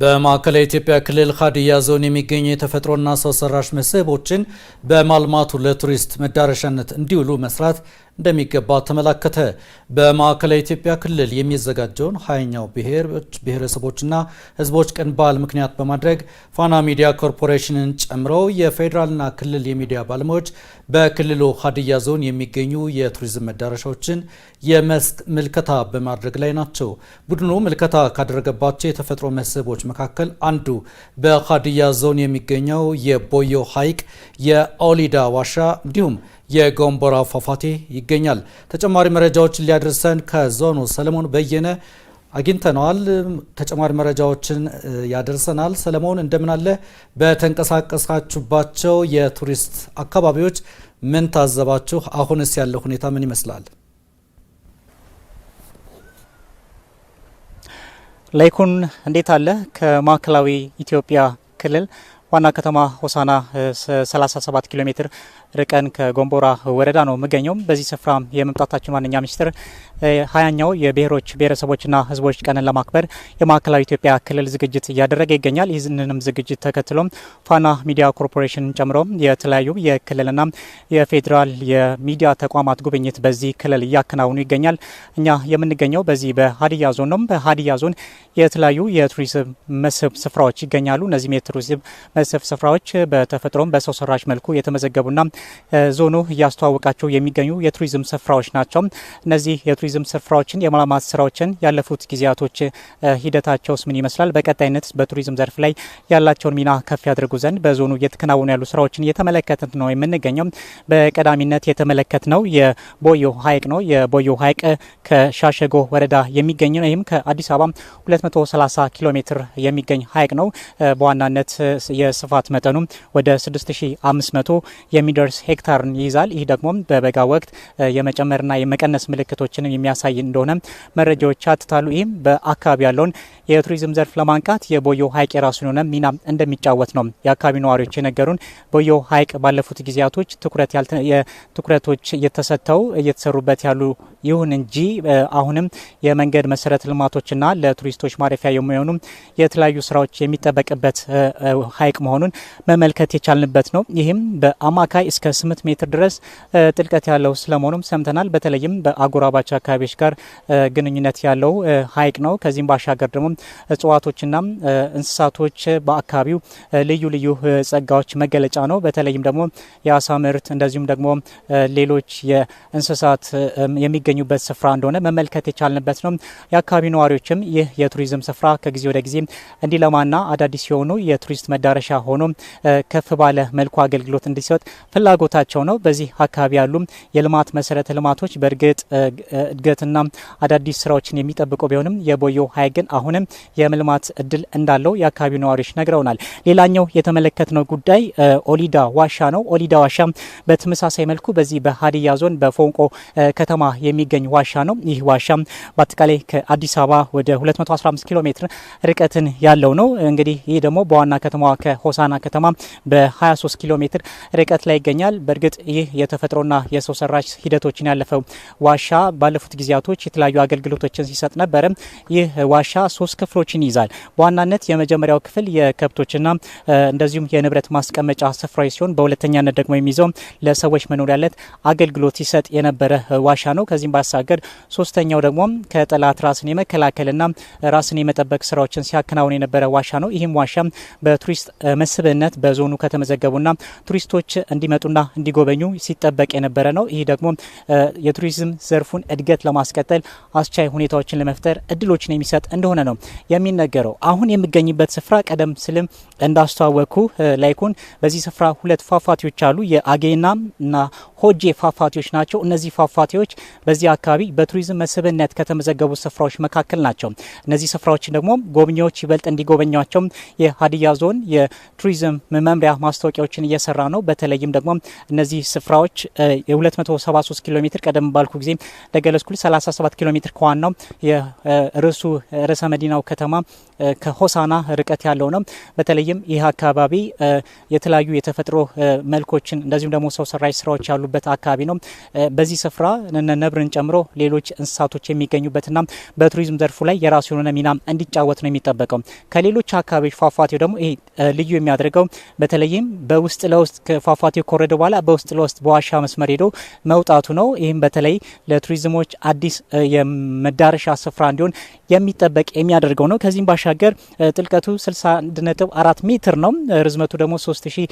በማዕከላዊ ኢትዮጵያ ክልል ሀዲያ ዞን የሚገኙ የተፈጥሮና ሰው ሰራሽ መስህቦችን በማልማቱ ለቱሪስት መዳረሻነት እንዲውሉ መስራት እንደሚገባ ተመላከተ። በማዕከላዊ ኢትዮጵያ ክልል የሚዘጋጀውን ሀያኛው ብሔር ብሔረሰቦችና ሕዝቦች ቀን በዓል ምክንያት በማድረግ ፋና ሚዲያ ኮርፖሬሽንን ጨምረው የፌዴራልና ክልል የሚዲያ ባለሙያዎች በክልሉ ሀዲያ ዞን የሚገኙ የቱሪዝም መዳረሻዎችን የመስክ ምልከታ በማድረግ ላይ ናቸው። ቡድኑ ምልከታ ካደረገባቸው የተፈጥሮ መስህቦች መካከል አንዱ በሀዲያ ዞን የሚገኘው የቦዮ ሐይቅ፣ የኦሊዳ ዋሻ እንዲሁም የጎንቦራ ፏፏቴ ይገኛል። ተጨማሪ መረጃዎችን ሊያደርሰን ከዞኑ ሰለሞን በየነ አግኝተነዋል። ተጨማሪ መረጃዎችን ያደርሰናል። ሰለሞን እንደምን አለ በተንቀሳቀሳችሁባቸው የቱሪስት አካባቢዎች ምን ታዘባችሁ? አሁንስ ያለው ሁኔታ ምን ይመስላል? ላይኩን እንዴት አለ? ከማዕከላዊ ኢትዮጵያ ክልል ዋና ከተማ ሆሳና 37 ኪሎ ሜትር ርቀን ከጎንቦራ ወረዳ ነው የምገኘውም። በዚህ ስፍራ የመምጣታችን ዋነኛ ሚኒስትር ሀያኛው የብሔሮች ብሔረሰቦችና ሕዝቦች ቀንን ለማክበር የማዕከላዊ ኢትዮጵያ ክልል ዝግጅት እያደረገ ይገኛል። ይህንንም ዝግጅት ተከትሎም ፋና ሚዲያ ኮርፖሬሽን ጨምሮ የተለያዩ የክልልና የፌዴራል የሚዲያ ተቋማት ጉብኝት በዚህ ክልል እያከናውኑ ይገኛል። እኛ የምንገኘው በዚህ በሀዲያ ዞን ነው። በሀዲያ ዞን የተለያዩ የቱሪዝም መስህብ ስፍራዎች ይገኛሉ። እነዚህም የቱሪዝም መስህብ ስፍራዎች በተፈጥሮም በሰው ሰራሽ መልኩ የተመዘገቡና ዞኑ እያስተዋወቃቸው የሚገኙ የቱሪዝም ስፍራዎች ናቸው። እነዚህ የቱሪዝም ስፍራዎችን የማልማት ስራዎችን ያለፉት ጊዜያቶች ሂደታቸውስ ምን ይመስላል? በቀጣይነት በቱሪዝም ዘርፍ ላይ ያላቸውን ሚና ከፍ ያደርጉ ዘንድ በዞኑ እየተከናወኑ ያሉ ስራዎችን እየተመለከትን ነው የምንገኘው። በቀዳሚነት የተመለከት ነው የቦዮ ሀይቅ ነው። የቦዮ ሀይቅ ከሻሸጎ ወረዳ የሚገኝ ነው። ይህም ከአዲስ አበባ 230 ኪሎ ሜትር የሚገኝ ሀይቅ ነው። በዋናነት የስፋት መጠኑም ወደ 6500 የሚደርስ ሄክታርን ይይዛል። ይህ ደግሞ በበጋ ወቅት የመጨመርና የመቀነስ ምልክቶችን የሚያሳይ እንደሆነ መረጃዎች ያትታሉ። ይህም በአካባቢ ያለውን የቱሪዝም ዘርፍ ለማንቃት የቦዮ ሐይቅ የራሱን የሆነ ሚና እንደሚጫወት ነው የአካባቢ ነዋሪዎች የነገሩን። ቦዮ ሐይቅ ባለፉት ጊዜያቶች ትኩረቶች የተሰጥተው እየተሰሩበት ያሉ ይሁን እንጂ አሁንም የመንገድ መሰረተ ልማቶችና ለቱሪስቶች ማረፊያ የሚሆኑ የተለያዩ ስራዎች የሚጠበቅበት ሐይቅ መሆኑን መመልከት የቻልንበት ነው። ይህም በአማካይ እስከ 8 ሜትር ድረስ ጥልቀት ያለው ስለመሆኑም ሰምተናል። በተለይም በአጎራባች አካባቢዎች ጋር ግንኙነት ያለው ሀይቅ ነው። ከዚህም ባሻገር ደግሞ እጽዋቶችና እንስሳቶች በአካባቢው ልዩ ልዩ ጸጋዎች መገለጫ ነው። በተለይም ደግሞ የአሳ ምርት እንደዚሁም ደግሞ ሌሎች የእንስሳት የሚገኙበት ስፍራ እንደሆነ መመልከት የቻልንበት ነው። የአካባቢው ነዋሪዎችም ይህ የቱሪዝም ስፍራ ከጊዜ ወደ ጊዜ እንዲለማና አዳዲስ የሆኑ የቱሪስት መዳረሻ ብቻ ሆኖ ከፍ ባለ መልኩ አገልግሎት እንዲሰጥ ፍላጎታቸው ነው። በዚህ አካባቢ ያሉ የልማት መሰረተ ልማቶች በእርግጥ እድገትና አዳዲስ ስራዎችን የሚጠብቁ ቢሆንም የቦዮ ሀይቅ ግን አሁንም የመልማት እድል እንዳለው የአካባቢው ነዋሪዎች ነግረውናል። ሌላኛው የተመለከትነው ጉዳይ ኦሊዳ ዋሻ ነው። ኦሊዳ ዋሻ በተመሳሳይ መልኩ በዚህ በሀዲያ ዞን በፎንቆ ከተማ የሚገኝ ዋሻ ነው። ይህ ዋሻ በአጠቃላይ ከአዲስ አበባ ወደ 215 ኪሎ ሜትር ርቀትን ያለው ነው። እንግዲህ ይህ ደግሞ በዋና ከተማዋ ከሆሳና ከተማ በ23 ኪሎ ሜትር ርቀት ላይ ይገኛል። በእርግጥ ይህ የተፈጥሮና የሰው ሰራሽ ሂደቶችን ያለፈው ዋሻ ባለፉት ጊዜያቶች የተለያዩ አገልግሎቶችን ሲሰጥ ነበረ። ይህ ዋሻ ሶስት ክፍሎችን ይይዛል። በዋናነት የመጀመሪያው ክፍል የከብቶችና እንደዚሁም የንብረት ማስቀመጫ ስፍራዊ ሲሆን በሁለተኛነት ደግሞ የሚይዘው ለሰዎች መኖሪያለት አገልግሎት ሲሰጥ የነበረ ዋሻ ነው። ከዚህም ባሻገር ሶስተኛው ደግሞ ከጠላት ራስን የመከላከልና ራስን የመጠበቅ ስራዎችን ሲያከናውን የነበረ ዋሻ ነው። ይህም ዋሻ በቱሪስት መስህብነት በዞኑ ከተመዘገቡና ቱሪስቶች እንዲመጡና እንዲጎበኙ ሲጠበቅ የነበረ ነው። ይህ ደግሞ የቱሪዝም ዘርፉን እድገት ለማስቀጠል አስቻይ ሁኔታዎችን ለመፍጠር እድሎችን የሚሰጥ እንደሆነ ነው የሚነገረው። አሁን የምገኝበት ስፍራ ቀደም ስልም እንዳስተዋወቅኩ ላይኩን፣ በዚህ ስፍራ ሁለት ፏፏቴዎች አሉ። የአጌና እና ሆጄ ፏፏቴዎች ናቸው። እነዚህ ፏፏቴዎች በዚህ አካባቢ በቱሪዝም መስህብነት ከተመዘገቡ ስፍራዎች መካከል ናቸው። እነዚህ ስፍራዎችን ደግሞ ጎብኚዎች ይበልጥ እንዲጎበኟቸው የሀዲያ ዞን የቱሪዝም መምሪያ ማስታወቂያዎችን እየሰራ ነው። በተለይም ደግሞ እነዚህ ስፍራዎች የ273 ኪሎ ሜትር ቀደም ባልኩ ጊዜ እንደገለጽኩ 37 ኪሎ ሜትር ከዋናው የርዕሱ ርዕሰ መዲናው ከተማ ከሆሳና ርቀት ያለው ነው። በተለይም ይህ አካባቢ የተለያዩ የተፈጥሮ መልኮችን እንደዚሁም ደግሞ ሰው ሰራሽ ስራዎች ያሉ ያለበት አካባቢ ነው። በዚህ ስፍራ ነብርን ጨምሮ ሌሎች እንስሳቶች የሚገኙበትና በቱሪዝም ዘርፉ ላይ የራሱ የሆነ ሚና እንዲጫወት ነው የሚጠበቀው። ከሌሎች አካባቢዎች ፏፏቴው ደግሞ ይሄ ልዩ የሚያደርገው በተለይም በውስጥ ለውስጥ ፏፏቴው ከወረደ በኋላ በውስጥ ለውስጥ በዋሻ መስመር ሄዶ መውጣቱ ነው። ይህም በተለይ ለቱሪዝሞች አዲስ የመዳረሻ ስፍራ እንዲሆን የሚጠበቅ የሚያደርገው ነው። ከዚህም ባሻገር ጥልቀቱ 61.4 ሜትር ነው። ርዝመቱ ደግሞ 3000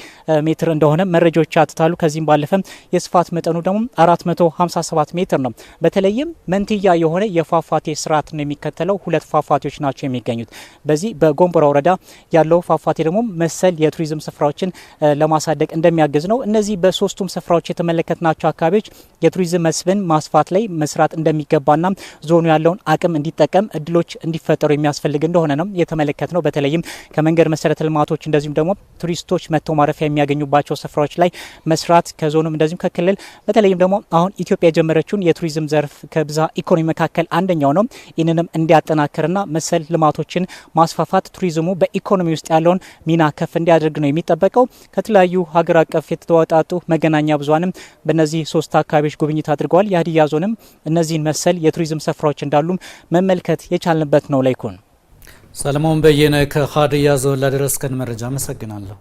ሜትር እንደሆነ መረጃዎች ያትታሉ። ከዚህም ባለፈ የስፋት መጠኑ ደግሞ 457 ሜትር ነው። በተለይም መንትያ የሆነ የፏፏቴ ስርዓት ነው የሚከተለው። ሁለት ፏፏቴዎች ናቸው የሚገኙት። በዚህ በጎንቦራ ወረዳ ያለው ፏፏቴ ደግሞ መሰል የቱሪዝም ስፍራዎችን ለማሳደግ እንደሚያግዝ ነው። እነዚህ በሶስቱም ስፍራዎች የተመለከትናቸው አካባቢዎች የቱሪዝም መስህብን ማስፋት ላይ መስራት እንደሚገባና ዞኑ ያለውን አቅም እንዲጠቀም እድሎች እንዲፈጠሩ የሚያስፈልግ እንደሆነ ነው የተመለከት ነው። በተለይም ከመንገድ መሰረተ ልማቶች እንደዚሁም ደግሞ ቱሪስቶች መጥተው ማረፊያ የሚያገኙባቸው ስፍራዎች ላይ መስራት ከዞኑም እንደዚሁም ክልል በተለይም ደግሞ አሁን ኢትዮጵያ የጀመረችውን የቱሪዝም ዘርፍ ከብዛ ኢኮኖሚ መካከል አንደኛው ነው። ይህንንም እንዲያጠናክርና መሰል ልማቶችን ማስፋፋት ቱሪዝሙ በኢኮኖሚ ውስጥ ያለውን ሚና ከፍ እንዲያደርግ ነው የሚጠበቀው። ከተለያዩ ሀገር አቀፍ የተወጣጡ መገናኛ ብዙሃንም በእነዚህ ሶስት አካባቢዎች ጉብኝት አድርገዋል። የሀዲያ ዞንም እነዚህን መሰል የቱሪዝም ስፍራዎች እንዳሉም መመልከት የቻልንበት ነው። ላይኩን ሰለሞን በየነ ከሀዲያ ዞን ላደረስከን መረጃ አመሰግናለሁ።